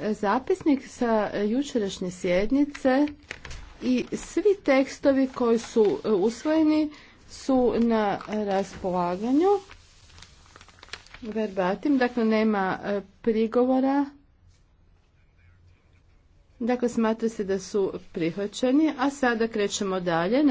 Zapisnik sa jučerašnje sjednice i svi tekstovi koji su e, usvojeni su na raspolaganju verbatim, dakle nema e, prigovora. Dakle, smatra se da su prihvaćeni, a sada krećemo dalje.